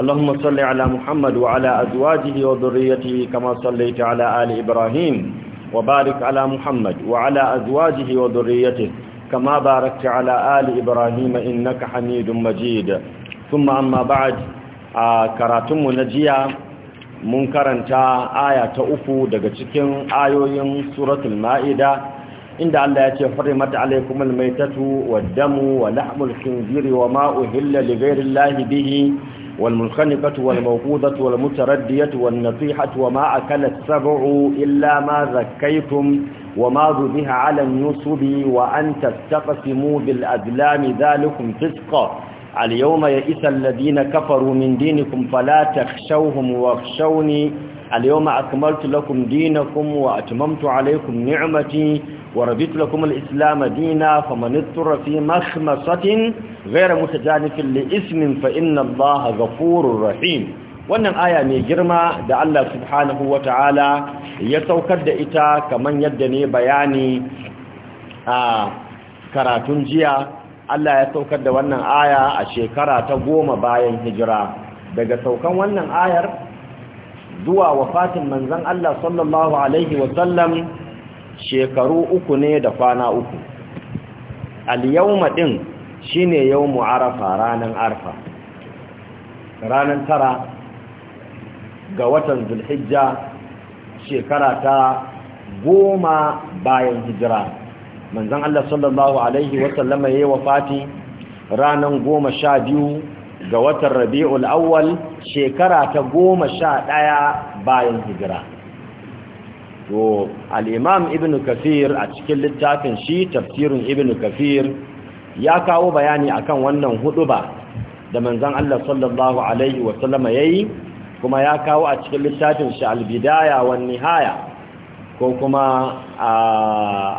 اللهم صل على محمد وعلى أزواجه وذريته كما صليت على آل إبراهيم وبارك على محمد وعلى أزواجه وذريته كما باركت على آل إبراهيم إنك حميد مجيد ثم أما بعد كراتم نجيا mun karanta aya ta uku daga cikin ayoyin suratul ma'ida inda Allah ya ce harimat alaikumul maitatu wad damu wa lahmul khinziri wa ma uhilla li bihi والمنخنقة والموقوذة والمتردية والنصيحة وما أكل السبع إلا ما ذكيتم وما ذبه على النصب وأن تستقسموا بالأذلام ذلكم فسقا اليوم يئس الذين كفروا من دينكم فلا تخشوهم واخشوني اليوم أكملت لكم دينكم وأتممت عليكم نعمتي ورضيت لكم الإسلام دينا فمن اضطر في مخمصة غير متجانف لإسم فإن الله غفور رحيم wannan aya mai girma da Allah subhanahu wa ta'ala ya saukar da ita kamar yadda ne bayani a karatun jiya Allah ya saukar da wannan aya a shekara ta goma bayan hijira daga saukan wannan ayar zuwa wafatin manzon Allah sallallahu alaihi wasallam shekaru uku ne da kwana uku al-yawma din shine yau arafa ranan arfa Ranar tara ga watan zulhijja shekara ta goma bayan hijira Manzan Allah sallallahu alaihi wasallama yayi wafati ranar goma sha biyu ga watan rabi'ul awwal shekara ta goma sha ɗaya bayan hijira to al'imam ibn kafir a cikin littafin shi tafsirin ibn kafir ya kawo bayani akan wannan ba, da manzan Allah sallallahu alaihi wasallama ya yi kuma ya kawo a cikin littafin shi albidaya wa nihaya ko kuma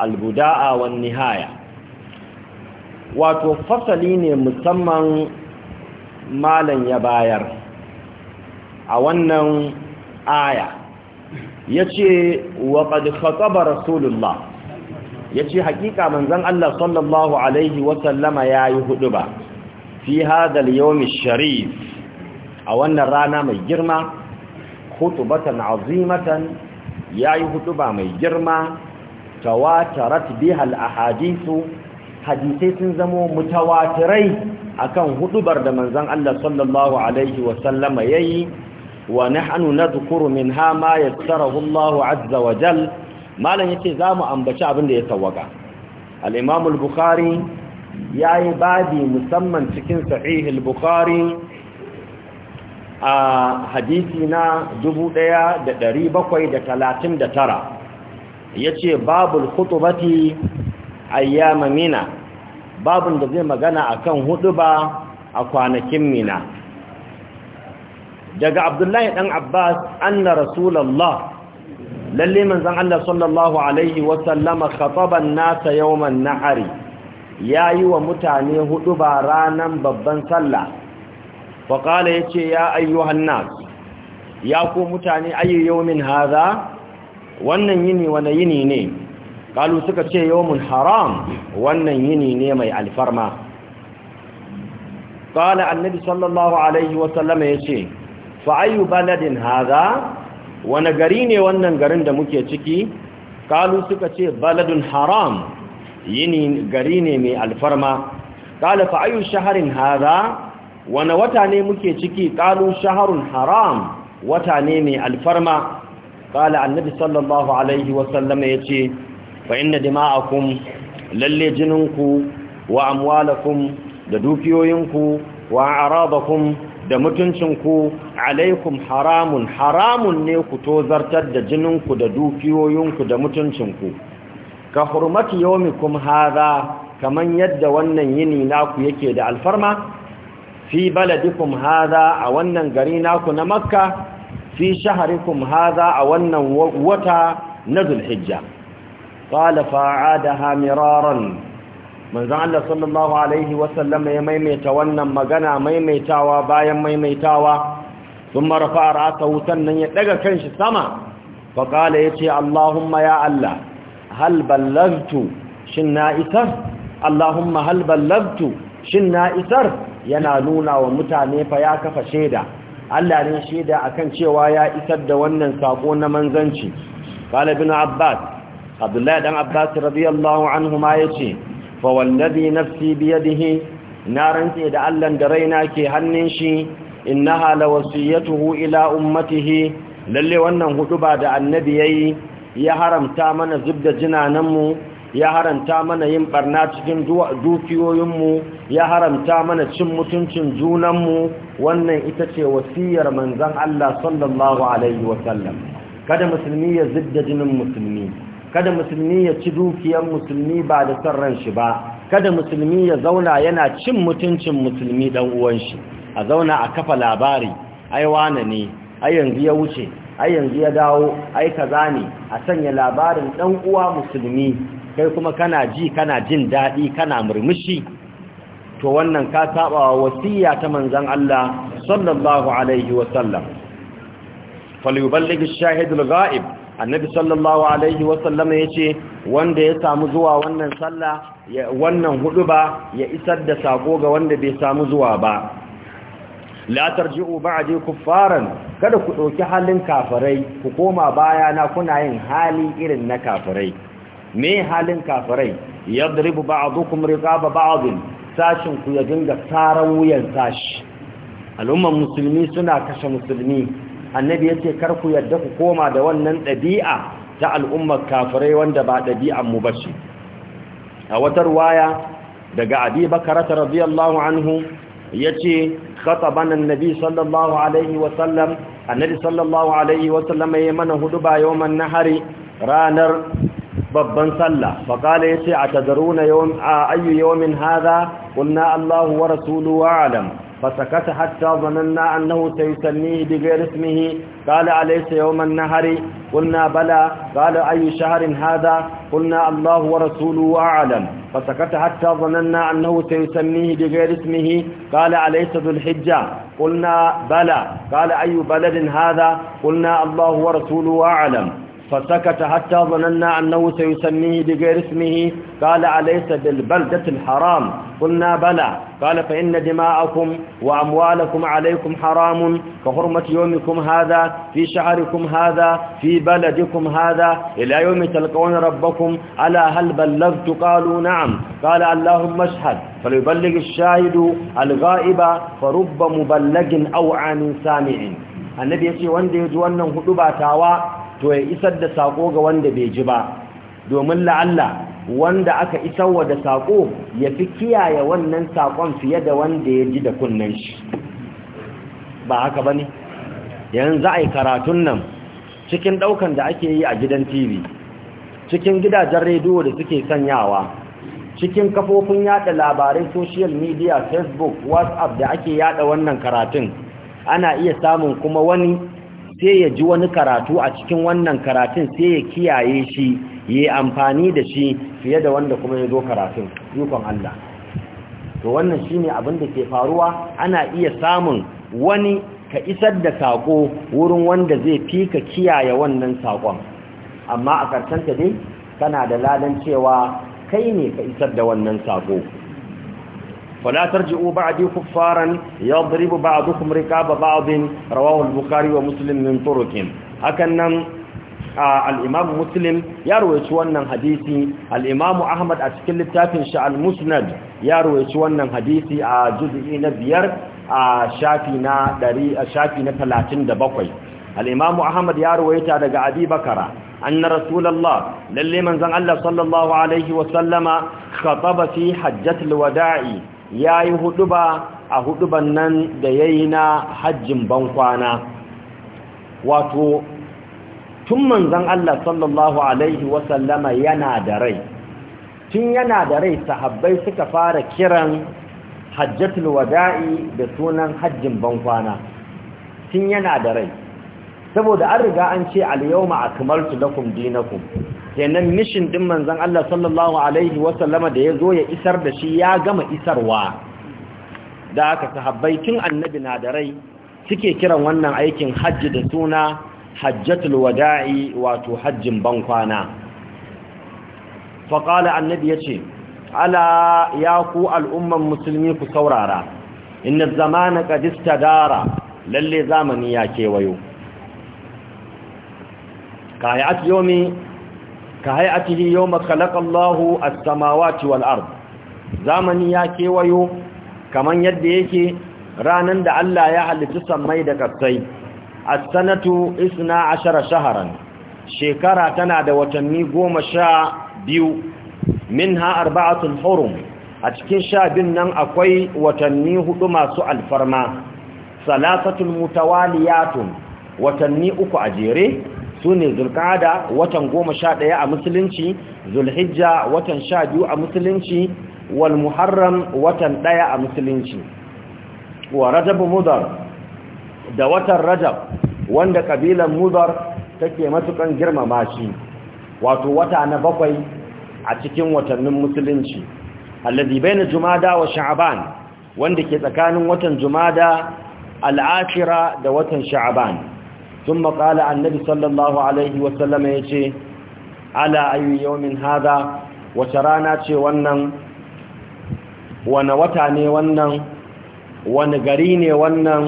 albuda'a wa nihaya wato fasali ne musamman malan ya bayar a wannan aya yace wa qad khataba rasulullah yace haƙiƙa manzon Allah sallallahu alaihi wa sallama yayi huɗuba? fi hadha al sharif a wannan rana mai girma khutbatan azimatan yayi huɗuba mai girma tawatarat bihal al hadisai sun zamo mutawatirai akan hudubar da manzon Allah sallallahu alaihi wa sallama yayi wa nahnu nadhkuru hama ma yassarahu Allah azza wa jal malan yace zamu ambaci abin da ya tawaga al-Imam al-Bukhari yayi babi musamman cikin sahihul al-Bukhari a hadisi na 1739 yace babul khutbati ayyama mina babin da zai magana a hudu ba a kwanakin mina daga abdullahi Ɗan abbas anna Rasulallah, lalle manzon Allah sallallahu alaihi wa sallama khataban nasa yawman nahari yayi wa mutane hudu ba ranan babban sallah fa ya yace ya ayyuhan nas ya ku mutane ayyu yawmin wannan yini wane yini ne kalu suka ce yawmun haram wannan yini ne mai alfarma qala annabi sallallahu alaihi wa sallama yace fa ayu baladin hadha wani gari ne wannan garin da muke ciki kalu suka ce baladin haram yini gari ne mai alfarma qala fa shaharin hadha wani wata ne muke ciki kalu shaharun haram wata ne mai alfarma qala annabi sallallahu alaihi wa ya ce. fa inna dima'akum lalle jininku wa amwalakum da dukiyoyinku wa aradakum da mutuncinku alaikum haramun haramun ne ku tozartar da jininku da dukiyoyinku da mutuncinku ka hurmati yawmikum hadha kaman yadda wannan yini naku yake da alfarma fi baladikum hadha a wannan gari naku na makka fi shaharikum hadha a wannan wata na zulhijja qala fa'adaha miraran manzon Allah ya maimaita wannan magana maimaitawa bayan maimaitawa thumma rafa'a ra'sahu ya daga kanshi sama fa yace Allahumma ya Allah yana nuna wa mutane fa shaida Allah ne shaida akan cewa ya isar da wannan sako na manzanci abdullahi dan abbas radiyallahu anhu ma yace fa wallazi nafsi biyadihi na rantse da Allah da raina ke hannun shi innaha lawasiyatuhu ila ummatihi lalle wannan huduba da annabi yayi ya haramta mana zubda jinanan mu ya haramta mana yin barna cikin dukiyoyinmu ya haramta mana cin mutuncin junanmu wannan ita ce wasiyar manzan Allah sallallahu Alaihi wasallam kada musulmi ya zubda jinin musulmi kada musulmi ya ci dukiyar musulmi ba da son ran shi ba kada musulmi ya zauna yana cin mutuncin musulmi dan uwan shi a zauna a kafa labari ai wane ne ai yanzu ya wuce ai yanzu ya dawo ai kaza ne a sanya labarin dan uwa musulmi kai kuma kana ji kana jin dadi kana murmushi to wannan ka saba wasiya ta manzon Allah sallallahu alaihi wa sallam falyuballigh ash-shahid al-ghaib annabi sallallahu alaihi wasallama ya ce wanda ya samu zuwa wannan sallah wannan hudu ba ya isar da sako ga wanda bai samu zuwa ba la tarji'u ba'di kuffaran kada ku dauki halin kafirai ku koma baya na kuna yin hali irin na kafirai me halin kafirai yadribu ba'dukum riqaba ba'd sashin ku ya dinga saran wuyan sashi al'umman musulmi suna kashe musulmi annabi yace kar ku yadda ku koma da wannan ɗabi'a ta al'ummar kafirai wanda ba ɗabi'an mu bashi. a wata ruwaya daga abi bakarata radiyallahu anhu yace khataban annabi sallallahu alaihi wa sallam annabi sallallahu alaihi wa sallam ya mana huduba yawman nahari ranar babban sallah fa kala yace atadaruna yawm ayyu yawmin hadha qulna allahu wa rasuluhu a'lam فسكت حتى ظننا أنه سيسميه بغير اسمه قال أليس يوم النهر قلنا بلى قال أي شهر هذا قلنا الله ورسوله أعلم فسكت حتى ظننا أنه سيسميه بغير اسمه قال أليس ذو الحجة قلنا بلى قال أي بلد هذا قلنا الله ورسوله أعلم فسكت حتى ظننا أنه سيسميه بغير اسمه قال أليس بالبلدة الحرام قلنا بلى قال فإن دماءكم وأموالكم عليكم حرام كحرمة يومكم هذا في شعركم هذا في بلدكم هذا إلى يوم تلقون ربكم ألا هل بلغت قالوا نعم قال اللهم اشهد فليبلغ الشاهد الغائب فرب مبلغ أو عن سامع النبي يقول وانده يجوانا هدبا تاوى to ya isar da sako ga wanda bai ji ba domin la'alla wanda aka isarwa da sako ya fi kiyaye wannan sakon fiye da wanda ya ji da kunnen shi ba haka ba ne yanzu a yi karatun nan cikin ɗaukan da ake yi a gidan tv cikin gidajen rediyo da suke sanyawa cikin kafofin yada labarai social media facebook whatsapp da ake yada wannan karatun ana iya samun kuma wani sai ya ji wani karatu a cikin wannan karatun sai ya kiyaye shi ya amfani da shi fiye da wanda kuma ya zo karatun yukon Allah to wannan shine abin da ke faruwa ana iya samun wani ka isar da saƙo wurin wanda zai fi ka kiyaye wannan saƙon, amma a karshen ta dai kana da ladan cewa kai ne ka isar da wannan saƙo. فلا ترجعوا بعدي كفارا يضرب بعضكم ركاب بعض رواه البخاري ومسلم من طرق هكذا al-Imam Muslim ya rawaito wannan hadisi al-Imam Ahmad a cikin littafin shi al-Musnad ya rawaito wannan hadisi a juz'i na biyar a shafi na 100 a shafi na 37 al-Imam Ahmad ya ruwaita daga Abi Bakara anna Rasulullah lalle manzon Allah sallallahu alaihi wa sallama khataba fi hajjatil wada'i ya yi huduba a huduban nan da ya yi na hajjin bankwana wato tun manzan Allah sallallahu Alaihi wasallama yana da rai tun yana da rai sahabbai suka fara kiran hajjatul wada'i da sunan hajjin bankwana tun yana da rai saboda an riga an ce al-yawma akmaltu lakum dinakum kenan mishin din manzon Allah sallallahu alaihi wasallama da yazo ya isar da shi ya gama isarwa da aka sahabbai tun annabi na da rai suke kiran wannan aikin hajji da suna hajjatul wada'i wato hajjin bankwana fa Annabi ya ce, ala ya ku al'umman musulmi ku saurara inna zamana qad dara, lalle zamani ya kewayo yi yomi ka yawma khalaqa Allahu as-samawati wal ard zamani ya kewayo kaman yadda yake ranan da Allah ya halitta samai da kasai as-sanatu 12 shahran shekara tana da watanni 12 minha arba'atun hurum a cikin sha bin nan akwai watanni hudu masu alfarma salasatul mutawaliyatun watanni uku a jere su ne zulkada watan goma sha ɗaya a musulunci zulhijja watan sha biyu a musulunci wal muharram watan ɗaya a musulunci wa rajab mudar da watan rajab wanda ƙabilan mudar take matukan girmama shi wato wata na bakwai a cikin watannin musulunci alladhi na jumada wa Sha'aban, wanda ke tsakanin watan jumada al da watan Sha'aban. ثم قال النبي صلى الله عليه وسلم يجي على أي يوم هذا وترانا تي ونن ونوتاني ونن ونغريني ونن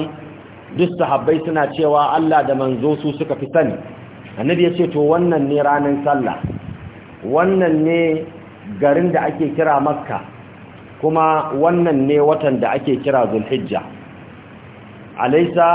duk sahabbai suna cewa Allah da manzo su suka fi sani annabi ya ce to wannan ne ranar sallah wannan ne garin da ake kira makka kuma wannan ne watan da ake kira zulhijja alaisa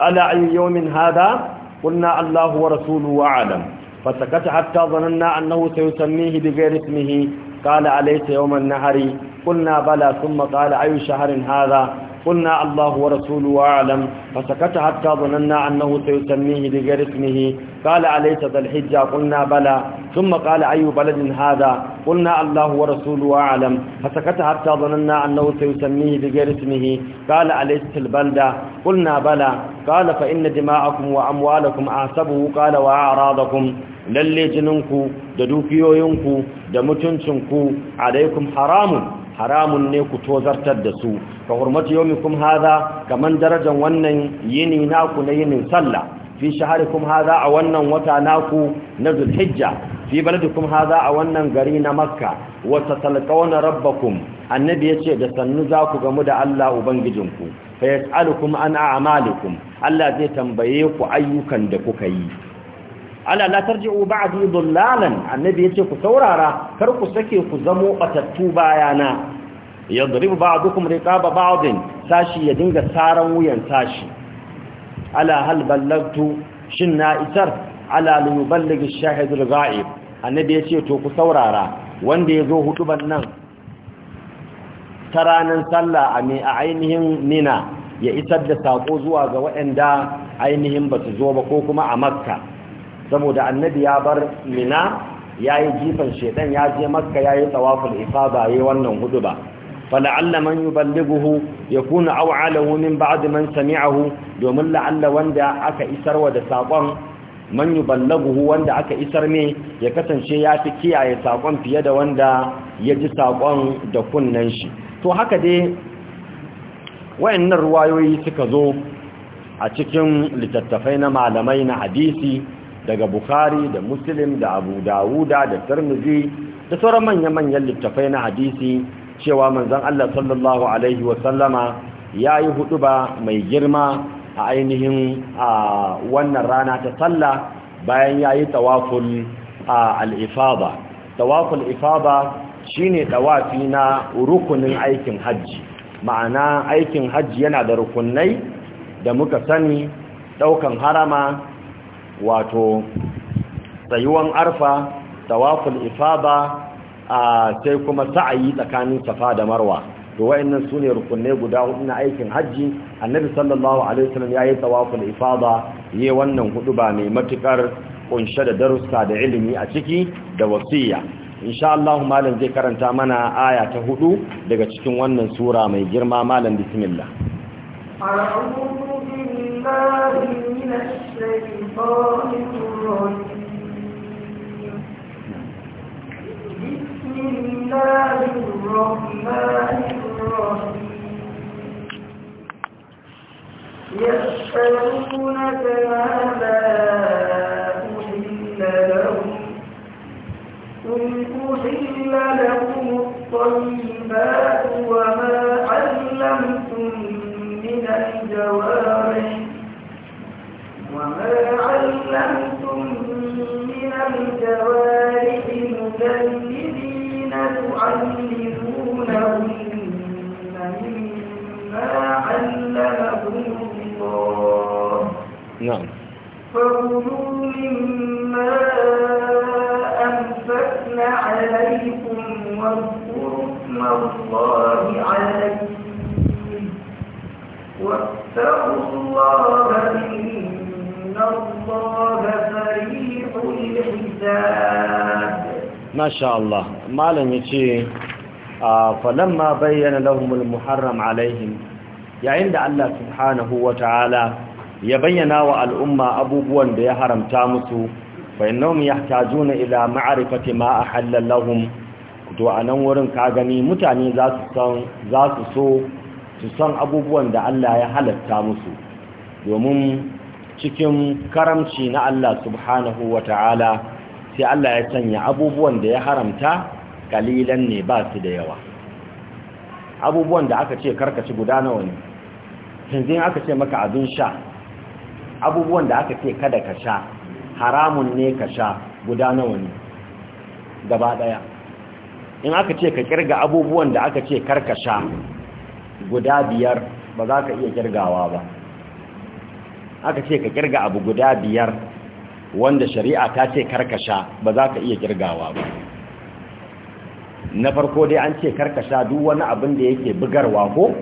ألا عن يوم هذا قلنا الله ورسوله أعلم فسكت حتى ظننا أنه سيسميه بغير اسمه قال أليس يوم النهر قلنا بلى ثم قال أي شهر هذا قلنا الله ورسوله أعلم فسكت حتى ظننا أنه سيسميه بغير اسمه قال أليس ذا الحجة قلنا بلى ثم قال أي بلد هذا قلنا الله ورسوله أعلم فسكت حتى ظننا أنه سيسميه بغير اسمه قال أليس البلدة قلنا بلى قال فإن دماءكم وأموالكم أعسبه قال وأعراضكم lalle jininku da dukiyoyinku da mutuncinku alaikum haramun haramun ne ku tozartar da su ka hurmatu kum haza. kaman darajan wannan yini naku na yinin sallah fi kum haza, a wannan wata naku na zulhijja fi kum haza, a wannan gari na makka wa tatalqawna rabbakum annabi yace da sannu za ku gamu da Allah ubangijin ku. fa yas'alukum an a'malikum Allah zai tambaye ku ayyukan da kuka yi ala la tarji'u ba'di dhullalan annabi yace ku saurara kar ku sake ku zamo batattu bayana yadribu ba'dukum riqaba ba'din sashi ya dinga saran wuyan sashi ala hal ballagtu shin na isar ala li yuballighi ash-shahid al-ghaib annabi yace to ku saurara wanda yazo hutuban nan ta ranar sallah a mai ainihin Nina ya isar da sako zuwa ga waɗanda ainihin ba su zo ba ko kuma a makka saboda annabi ya bar mina ya yi jifan shaidan, ya je makka ya yi ifa, ba ya wannan hudu ba fala'alla man ya kuna aw'alahu min ba'd man sami'ahu domin la'alla wanda aka wa da saƙon man yuballighuhu wanda aka isar me ya kasance ya fi kiyaye saƙon fiye da wanda ya ji saƙon da kunnan shi to haka dai wayannan ruwayoyi suka zo a cikin littattafai na malamai na hadisi daga bukhari da muslim da abu dawuda da tarmizi da sauran manya-manyan littafai na hadisi cewa manzan Allah sallallahu alaihi wasallama hudu ba mai girma a ainihin a wannan rana ta sallah bayan ya yayi tawaful al-ifada tawaful shi ne tawafi na rukunin aikin hajji ma'ana aikin hajji yana da rukunai da muka sani ɗaukan harama wato tsayuwan arfa tawaful ifada a sai kuma sa'ayi tsakanin safa da marwa to wayannan sune rukunne guda hudu na aikin haji annabi sallallahu alaihi wasallam yayi tawaful ifada yayi wannan hudu ba mai matukar kunshe da darussa da ilimi a ciki da wasiya insha Allah malam zai karanta mana aya ta hudu daga cikin wannan sura mai girma malam bismillah بالله من الشيطان الرجيم بسم الله الرحمن الرحيم يسألونك ماذا masha Allah malam yace falamma bayyana lahumul muharram alaihim yayin da Allah subhanahu wataala ya bayyana wa al'umma abubuwan da ya haramta musu fa innahum yahtajuna ila ma'rifati ma ahalla lahum to anan wurin ka gani mutane za su san za su so su san abubuwan da Allah ya halatta musu domin cikin karamci na Allah subhanahu wataala sai Allah ya sanya abubuwan da ya haramta kalilan ne ba su da yawa abubuwan da aka ce karkaci guda nawa ne yanzu aka ce maka abin sha abubuwan da aka ce kada ka sha haramun ne ka sha guda nawa ne gaba daya in aka ce ka kirga abubuwan da aka ce karkasha sha guda biyar ba za ka iya kirgawa ba aka ce ka kirga abu guda biyar wanda shari'a ta ce karkasha ba za ka iya kirgawa ba na farko dai an ce karkasha duk wani abin da yake bugarwa ko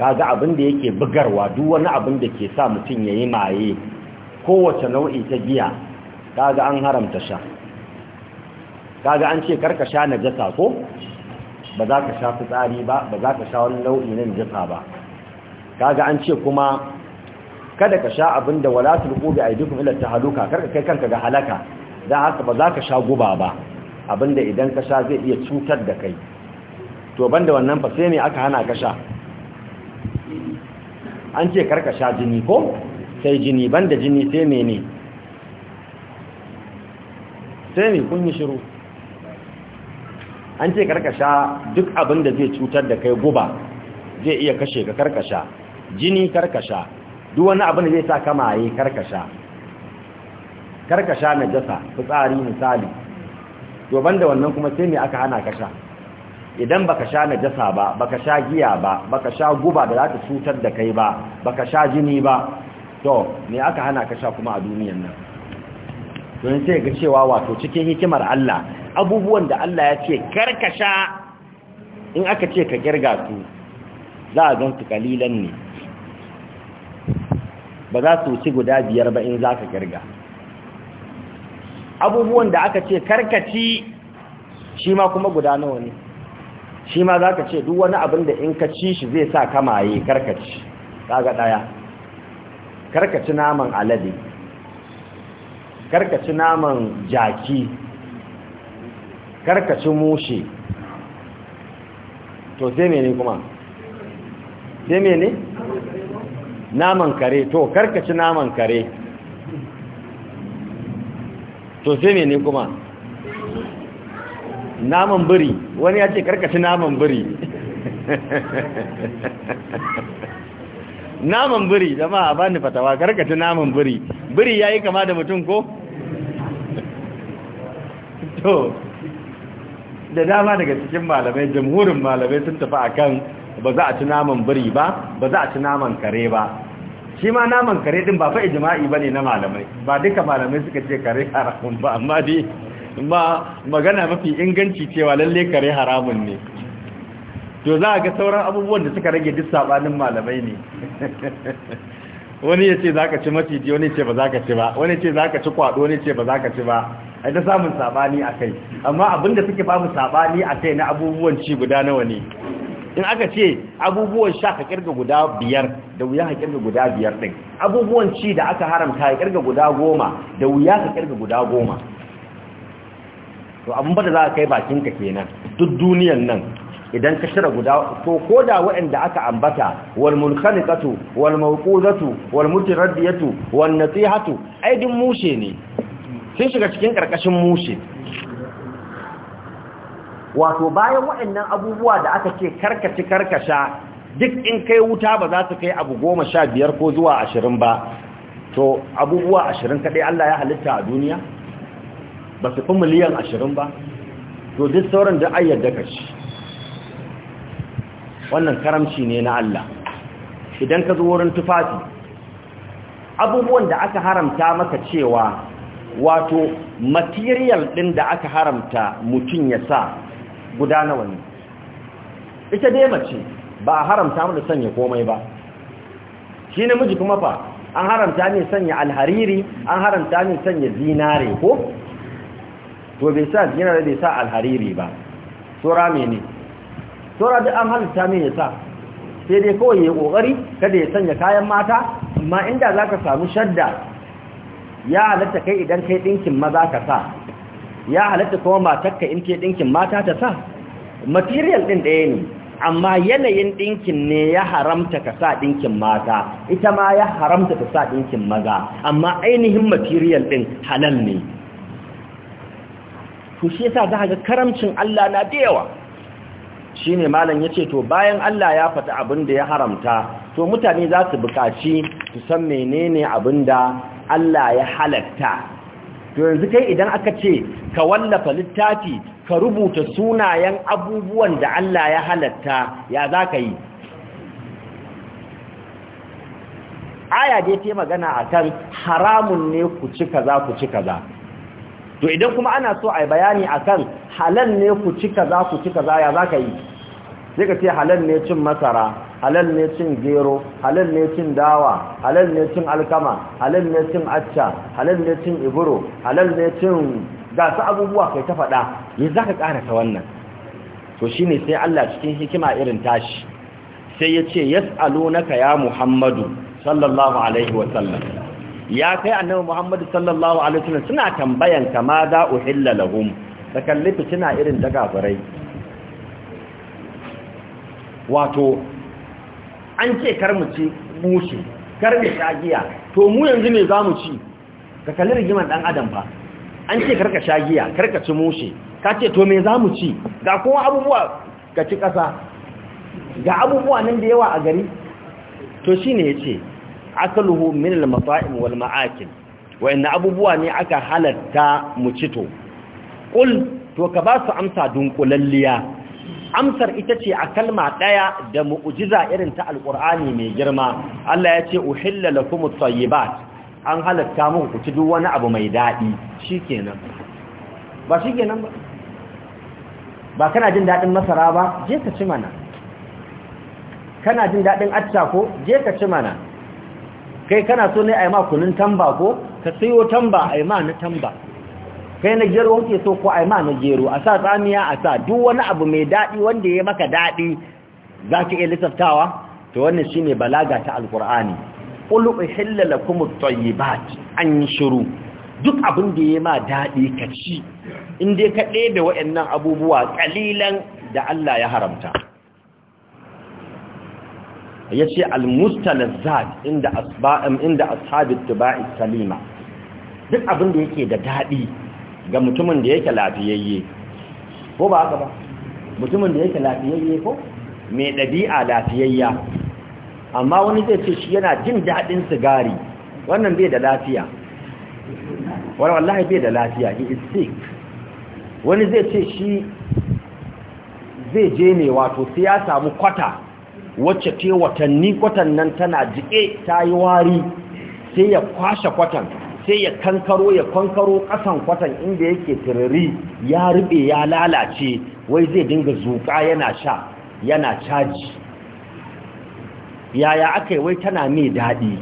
kaga abin da yake bugarwa duk wani abin da ke sa mutum yayi maye kowace nau'i ta giya kaga an haramta sha kaga an ce karkasha najasa ko ba za ka sha fitsari ba ba za ka sha wani nau'i na najasa ba kaga an ce kuma kada ka sha abin da wala tulqu bi aydikum ila tahaluka karka kai kanka ga halaka da haka ba za ka sha guba ba abin da idan ka sha zai iya cutar da kai to banda wannan fa sai me aka hana ka sha an ce karka sha jini ko sai jini banda jini sai ne. sai ne kun yi shiru an ce karka sha duk abin da zai cutar da kai guba zai iya kashe ka karka sha jini karka sha duk wani abin da zai sa ka maye karkasha karkasha najasa fitsari misali to da wannan kuma sai mai aka hana ka sha idan baka sha na jasa ba baka sha giya ba baka sha guba da za ta cutar da kai ba baka sha jini ba to mai aka hana kasha sha kuma a duniyan nan don sai ga cewa wato cikin hikimar Allah abubuwan da Allah ya ce karkasha in aka ce ka girga su za a gan kalilan ne ba za su ci guda biyar ba in za ka kirga abubuwan da aka ce karkaci shi ma kuma guda nawa ne shi ma za ka ce duk wani abin da in ka ci shi zai sa kamaye karkaci kaga ɗaya karkaci naman alade karkaci naman jaki karkaci mushe to sai mene kuma sai mene naman kare to karkaci naman kare to sai mene kuma naman biri wani ya ce karkaci naman biri naman biri zama a bani fatawa karkaci naman biri biri ya yi kama da mutum ko? to da dama daga cikin malamai jamhurin malamai sun tafi akan ba za a ci naman biri ba ba za a ci naman kare ba shi ma naman kare din ba fa ijma'i bane na malamai ba duka malamai suka ce kare haramun ba amma dai ma magana mafi inganci cewa lalle kare haramun ne to za a ga sauran abubuwan da suka rage duk sabanin malamai ne wani ya ce za ka ci maciji wani ce ba za ka ci ba wani ce za ka ci kwado wani ce ba za ka ci ba Ai da samun sabani a kai amma abinda suke babu sabani a kai na abubuwan ci guda nawa ne in aka ce abubuwan sha ka kirga guda biyar da wuya ka kirga guda biyar din abubuwan ci da aka haramta ka kirga guda goma da wuya ka kirga guda goma to abin ba da za ka kai bakinka kenan duk duniyan nan idan ka shira guda to koda waɗanda aka ambata wal mulkhaliqatu wal mawqudatu wal mutaraddiyatu wan nasihatu ai duk mushe ne sun shiga cikin karkashin mushe wato bayan waɗannan abubuwa da aka ce karkaci karkasha duk in kai wuta ba za su kai abu goma sha biyar ko zuwa ashirin ba to abubuwa ashirin kaɗai Allah ya halitta a duniya ba su fi miliyan ashirin ba to duk sauran da an yarda ka shi wannan karamci ne na Allah idan ka zo wurin tufafi abubuwan da aka haramta maka cewa wato material ɗin da aka haramta mutum ya sa guda nawa ne ita dai mace ba a haramta mu da sanya komai ba shi namiji kuma fa an haramta ne sanya alhariri an haramta ne sanya zinare ko to bai sa zinare bai sa alhariri ba tsora mene tsora duk an halitta ne ya sa sai dai kawai ya kokari kada ya sanya kayan mata amma inda ka samu shadda ya halatta kai idan kai dinkin maza ka sa ya halatta kuma matakka in ke ɗinkin mata ta sa material ɗin ɗaya ne amma yanayin ɗinkin ne ya haramta ka sa ɗinkin mata ita ma ya haramta ka sa ɗinkin maza amma ainihin material ɗin halal ne ku shi yasa za ga karamcin Allah na da yawa shine malam ya ce to bayan Allah ya fata abin da ya haramta to mutane za su buƙaci su san menene abin da Allah ya halatta to yanzu kai idan aka ce ka wallafa littafi ka rubuta sunayen abubuwan da Allah ya halatta ya za ka yi aya dai ta magana akan haramun ne ku ci kaza ku ci kaza to idan kuma ana so a bayani akan kan halal ne ku ci kaza ku ci kaza ya za ka yi sai ka ce halal ne cin masara halal ne cin gero halal ne cin dawa halal ne cin alkama halal ne cin acca halal ne cin iburo halal ne cin gasu abubuwa kai ta faɗa yi za ka ƙarasa wannan to shi ne sai Allah cikin hikima irin tashi sai ya ce yas'alunaka ya muhammadu sallallahu alaihi wasallam ya kai annabi muhammadu sallallahu alaihi wasallam suna tambayan ka ma za uhilla lahum da kallifi suna irin ta wato an ce kar mu ci mushi kar mu sha giya to mu yanzu me za mu ci ka kalli rigimar dan adam ba an ce karka sha giya karka ci mushi ka ce to me za mu ci ga kuma abubuwa ka ci ƙasa ga abubuwa nan da yawa a gari to shine yace akaluhu min al-mata'im wal ma'akil wa inna abubuwa ne aka halatta mu ci to kul to ka ba su amsa dunkulalliya amsar ita ce a kalma ɗaya da mu'ujiza irin ta alƙur'ani mai girma Allah ya ce uhilla lakum at-tayyibat an halatta muku ku ci duk wani abu mai daɗi shikenan ba shikenan ba ba kana jin daɗin masara ba je ka ci mana kana jin daɗin acca ko je ka ci mana kai kana so ne a yi ma tamba ko ka sayo tamba a yi ma na tamba kai na gero kake so ko ai ma na gero a sa tsamiya a sa duk wani abu mai daɗi wanda ya maka daɗi za ka iya lissaftawa to wannan shine balaga ta alkur'ani qul uhilla lakum at-tayyibat an shiru duk abin da ya ma daɗi ka ci in dai ka ɗebe waɗannan abubuwa ƙalilan da Allah ya haramta ya ce al-mustalazzat inda ashabit tuba'i salima duk abin da yake da daɗi ga mutumin da yake lafiyayye ko ba haka ba mutumin da yake lafiyayye ko mai ɗabi'a lafiyayya amma wani zai ce shi yana jin daɗin sigari wannan bai da lafiya wani wallahi bai da lafiya he is sick wani zai ce shi zai je ne wato sai ya samu kwata wacce ce watanni kwatan nan tana jike ta yi wari sai ya kwashe kwatan sai ya kankaro ya kwankaro ƙasan kwatan inda yake tirari ya rube ya lalace wai zai dinga zuka yana sha yana caji yaya aka yi wai tana mai daɗi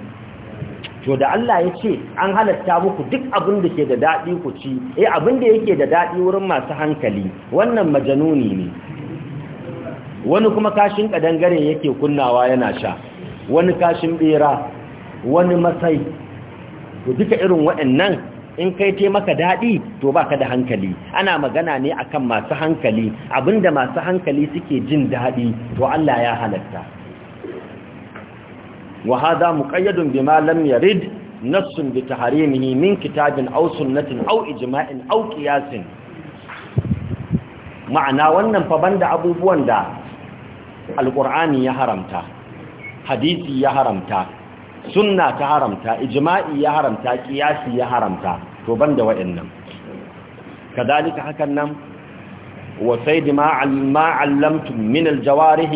to da Allah ya ce an halatta muku duk abin da ke da daɗi ku ci eh abin da yake da daɗi wurin masu hankali wannan majanuni ne wani kuma kashin kadangare yake kunnawa yana sha wani kashin bera wani masai to duka irin waɗannan in kai te maka daɗi to baka da hankali ana magana ne akan masu hankali abinda masu hankali suke jin daɗi to Allah ya halatta wa hada muqayyadun bima lam yarid nassun bi taharimihi min kitabin aw sunnatin aw ijma'in aw qiyasin ma'ana wannan fa banda abubuwan da alqur'ani ya haramta hadisi ya haramta sunna ta haramta ijma'i ya haramta kiyasi ya haramta to banda wa'annan kadalika hakan nan wa sayd ma min aljawarih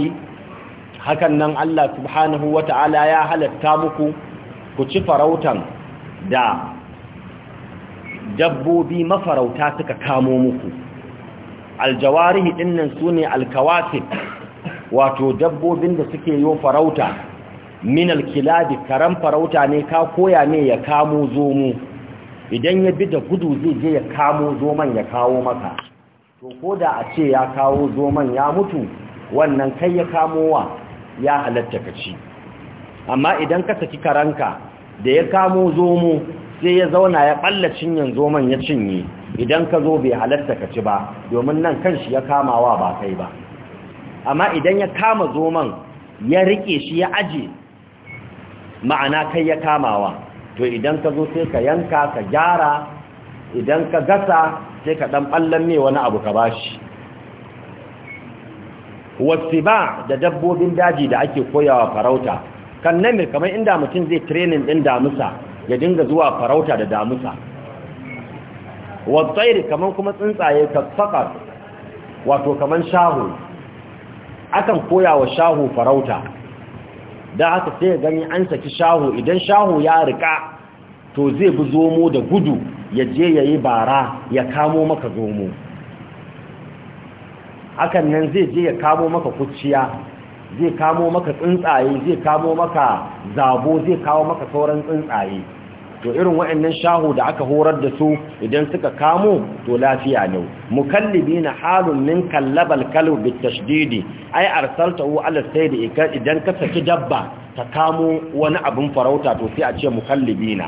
hakan nan Allah subhanahu wata'ala ya halatta muku ku ci farautan da dabbobi mafarauta suka kamo muku aljawarihi dinnan sune alkawatib wato dabbobin da suke yi farauta minal kilabi karen farauta ne ka koya ne ya kamo zomo idan ya bi da gudu zai je ya kamo zoman ya kawo maka to ko da a ce ya kawo zoman ya mutu wannan kai ya kamo kamowa ya halatta kaci. amma idan ka saki karanka da ya kamo zomo sai ya zauna ya balla cinyan zoman ya cinye idan ka zo bai halatta kaci ba domin nan kan shi ya kamawa ba kai ba amma idan ya kama zoman ya rike shi ya aje ma'ana kai ya kamawa to idan ka zo sai ka yanka ka gyara idan ka gasa sai ka dan ballan ne wani abu ka bashi wasiba da dabbobin daji da ake koyawa farauta kan nan kamar inda mutum zai training din damusa ya dinga zuwa farauta da damusa wasairi kamar kuma tsuntsaye kasfakar wato kamar shahu akan koyawa shahu farauta da haka sai ya gani an saki shaho idan shaho ya rika to zai bi zomo da gudu ya je ya yi bara ya kamo maka zomo hakan nan zai je ya kamo maka kuciya zai kamo maka tsuntsaye zai kamo maka zabo zai kawo maka sauran tsuntsaye to irin wa'annan shahu da aka horar da su idan suka kamo to lafiya ne mukallibina halun min kallabal kalu bitashdidi ai arsaltahu ala sayd idan ka saki dabba ta kamo wani abin farauta to sai a ce na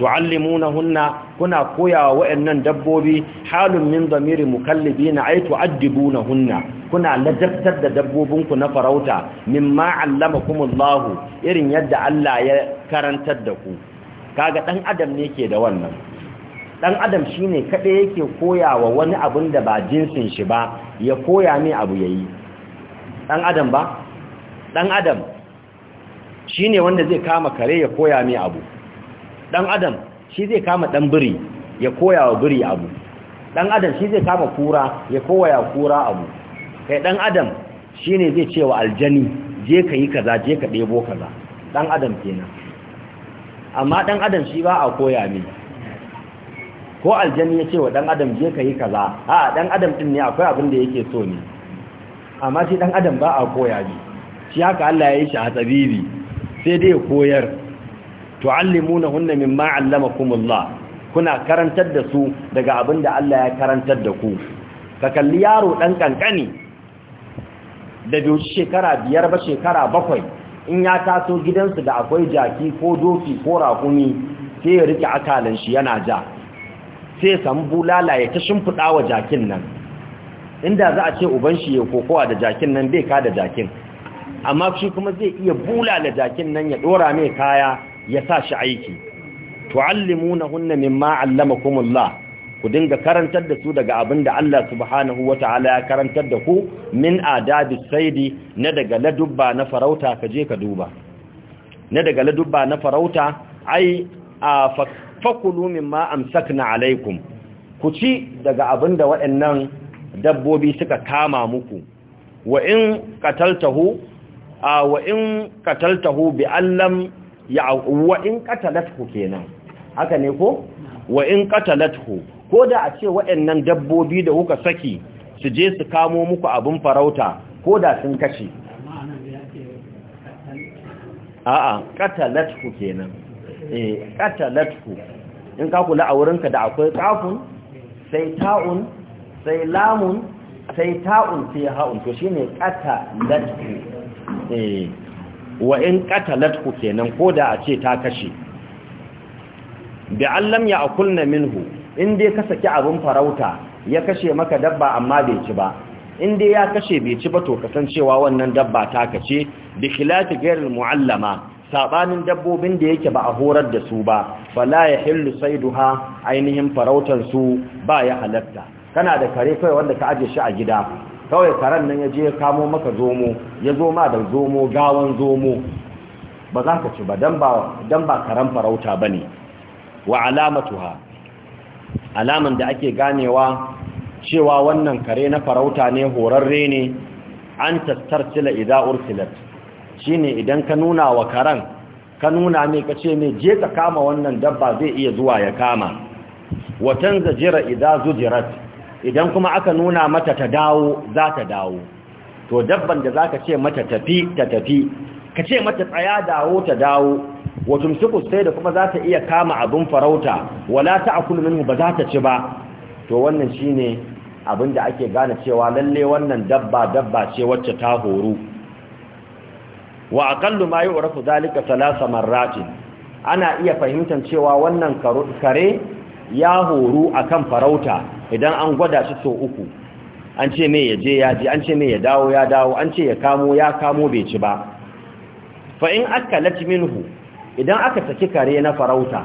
tu'allimunahunna kuna koyawa wa'annan dabbobi halun min damiri mukallibina na tu'addibunahunna kuna ladabtar da dabbobinku na farauta mimma kumullahu irin yadda Allah ya karantar da ku kaga dan adam ne ke da wannan dan adam shine kada yake koyawa wani abin da ba jinsin shi ba ya koya ne abu yayi dan adam ba dan adam shine wanda zai kama kare ya koya ne abu dan adam shi zai kama dan biri ya koya wa biri abu dan adam shi zai kama kura ya koya wa kura abu kai dan adam shine zai ce wa aljani je ka yi kaza je ka debo kaza dan adam kenan amma ɗan adam shi ba a koya ne ko aljani ya ce wa ɗan adam je ka yi kaza a ɗan adam ɗin ne akwai abin da yake so ne amma shi dan adam ba a koya ne shi haka Allah ya yi shi a tsabibi sai dai koyar hunna mimma 'allamakumullah kuna karantar da su daga abin da Allah ya karantar da ku ka kalli yaro ɗan ƙanƙani da biyu shekara biyar ba shekara bakwai in ya taso gidansu da akwai jaki ko doki ko rakumi sai ya rike akalan shi yana ja sai samu bulala ya ta shimfiɗa wa jakin nan inda za a ce uban shi ya kokowa da jakin nan bai ka da jakin amma shi kuma zai iya bulala jakin nan ya ɗora mai kaya ya sa shi aiki tu'allimunahunna mimma allamakumullah ku dinga karantar da su daga abin da Allah subhanahu wa ta'ala ya karantar da ku min adabi saidi na daga ladubba na farauta ka je ka duba na daga ladubba na farauta ai a fakulu mimma amsakna alaikum ku ci daga abin da waɗannan dabbobi suka kama muku wa in qataltahu wa in qataltahu bi allam ya wa in qatalathu kenan haka ne ko wa in qatalathu ko da a ce waɗannan dabbobi da kuka saki su je su kamo muku abin farauta ko da sun kashe a'a qatalatku kenan eh qatalatku in ka kula a wurinka da akwai kafun, sai ta'un sai lamun sai ta'un sai ha'un to shine qatalatku eh wa in qatalatku kenan ko da a ce ta kashe bi'allam allam ya akulna minhu in dai ka saki abin farauta ya kashe maka dabba amma bai ci ba in dai ya kashe bai ci ba to ka san cewa wannan dabba ta kace bi khilati ghairil muallama sabanin dabbobin da yake ba a horar da su ba fala ya hillu saiduha ainihin farautar su ba ya halatta kana da kare kai wanda ka aje shi a gida kawai karen nan ya je ya kamo maka zomo ya zo ma da zomo gawan zomo ba za ka ci ba dan ba karen farauta bane wa alamatuha alaman da ake ganewa cewa wannan kare na farauta ne horarre ne an tattartila idza ursilat shine idan ka nuna wa karen, ka nuna mai kace mai je ka kama wannan dabba zai iya zuwa ya kama wa tanzajira idza zujirat idan kuma aka nuna mata ta dawo za ta dawo to dabban da za ka ce mata tafi ta tafi ka ce mata tsaya dawo ta dawo wa tumsiku sai da kuma za ta iya kama abin farauta wala ta'kulu minhu ba za ta ci ba to wannan shine abin da ake gane cewa lalle wannan dabba dabba ce wacce ta horu wa aqallu ma yu'rafu zalika thalatha marratin ana iya fahimtar cewa wannan kare ya horu akan farauta idan an gwada shi sau uku an ce me yaje ya ji an ce me ya dawo ya dawo an ce ya kamo ya kamo bai ci ba fa in akalat minhu idan aka saki kare na farauta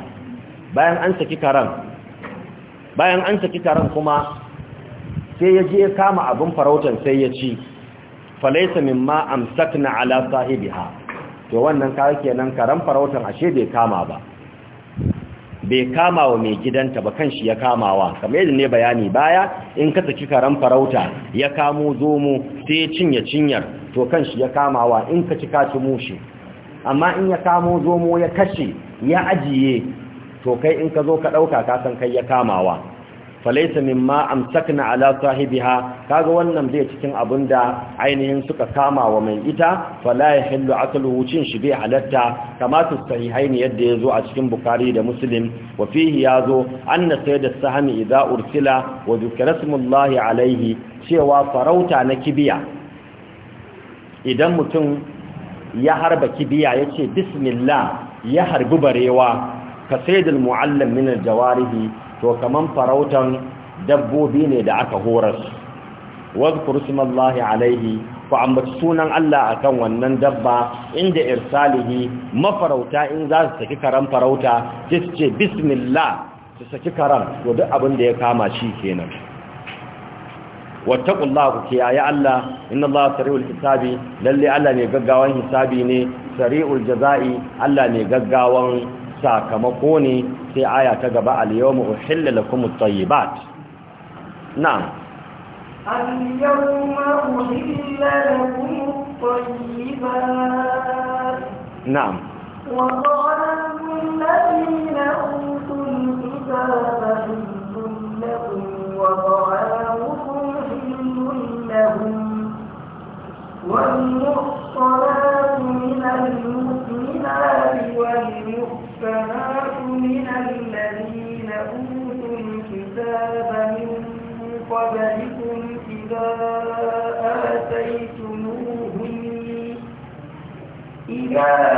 bayan an saki karen bayan an saki karen kuma sai ya je kama abin farautan sai ya ci falaisa mimma amsakna ala sahibiha to wannan kawai kenan karen farautan ashe bai kama ba bai kama wa mai gidanta ba kan shi ya kamawa kamar yadda ne bayani baya in ka saki karen farauta ya kamo zomo sai ya cinye cinyar to kan shi ya kamawa in ka ci ka ci mushi amma in ya kamo zomo ya kashe ya ajiye to kai in ka zo ka ɗauka ka kai ya kamawa falaita mimma amsakna ala sahibiha kaga wannan zai cikin abinda ainihin suka kama wa mai ita fala yahillu aklu cin shi bai halatta kama su sahihaini yadda yazo a cikin bukhari da muslim wa fihi yazo anna sayyid as-sahmi idza ursila wa dhukira smullahi alayhi cewa farauta na kibiya idan mutum ya harba kibiya ya ce bismillah ya harbi barewa ka saidul mu'allam min jawarihi to kaman farautan dabbobi ne da aka horar wadkur ismallahi alaihi ku ambaci sunan Allah akan wannan dabba inda irsalihi mafarauta in za su saki karan farauta sai su ce bismillah su saki karan to duk abin da ya kama shi kenan wattaqullaha ku kiyaye Allah inna Allah sari'ul hisabi lalle Allah ne gaggawan hisabi ne sari'ul jazai Allah ne gaggawan sakamako ne sai aya ta gaba al-yawma uhilla lakumut tayyibat na'am اليوم أحل لكم الطيبات Na'am. لهم والمحصنات من المؤمنات والمحصنات من الذين أوتوا الكتاب من قبلكم إذا آتيتموهن إذا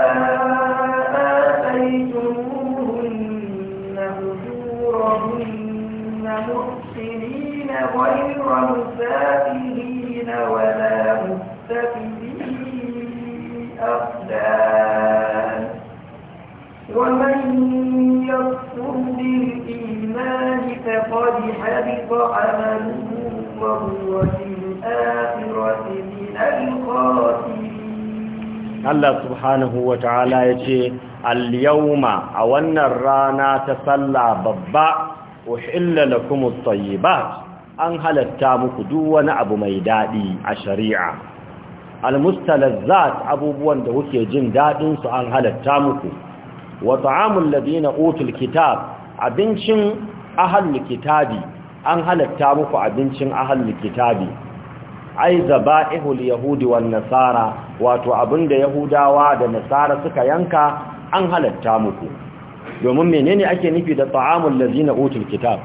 Allah subhanahu wa ta'ala ya ce al-yawma a wannan rana ta sallah babba uhilla lakum at-tayyibat an halatta muku duk wani abu mai dadi a shari'a al-mustalazzat abubuwan da kuke jin dadin su an halatta muku wa ta'amul ladina utul kitab abincin ahlul kitabi an halatta muku abincin ahlul kitabi ai zaba'ihul yahudi wan nasara wato abinda yahudawa da nasara suka yanka an halatta muku domin menene ake nufi da ta'amul Ladina utul kitab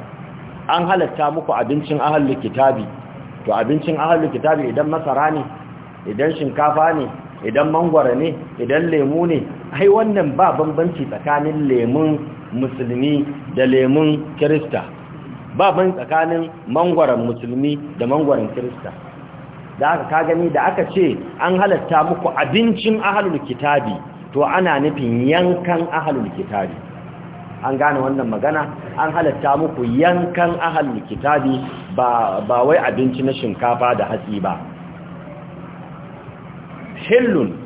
an halatta muku abincin ahlul kitabi to abincin ahlul kitabi idan masara ne idan shinkafa ne idan mangwara ne idan lemu ne ai wannan ba bambanci tsakanin lemun musulmi da lemun kirista ba ban tsakanin mangwaran musulmi da mangwaran kirista da aka ka gani da aka ce an halatta muku abincin ahalul kitabi to ana nufin yankan ahalul kitabi an gane wannan magana an halatta muku yankan ahalul kitabi ba ba wai abinci na shinkafa da hatsi ba hillun